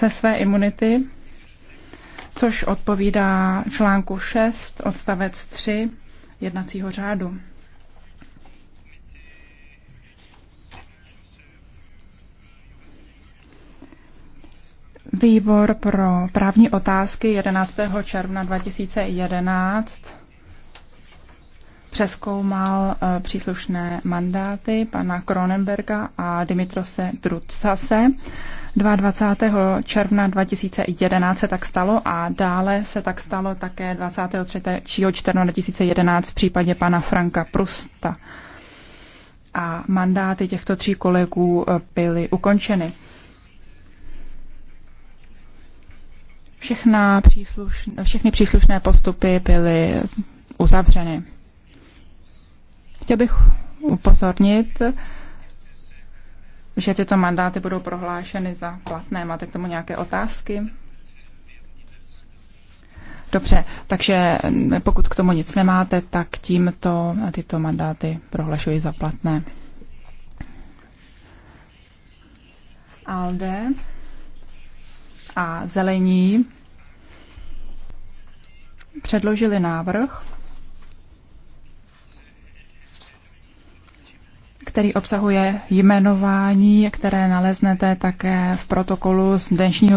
ze své imunity, což odpovídá článku 6 odstavec 3 jednacího řádu. Výbor pro právní otázky 11. června 2011 přeskoumal eh, příslušné mandáty pana Kronenberga a Dimitrose Trutsase. 22. června 2011 se tak stalo a dále se tak stalo také 23. června 2011 v případě pana Franka Prusta. A mandáty těchto tří kolegů eh, byly ukončeny. Všechna příslušn, všechny příslušné postupy byly uzavřeny. Chtěl bych upozornit, že tyto mandáty budou prohlášeny za platné. Máte k tomu nějaké otázky? Dobře, takže pokud k tomu nic nemáte, tak tímto tyto mandáty prohlašuji za platné. Alde a Zelení předložili návrh který obsahuje jmenování, které naleznete také v protokolu z dnešního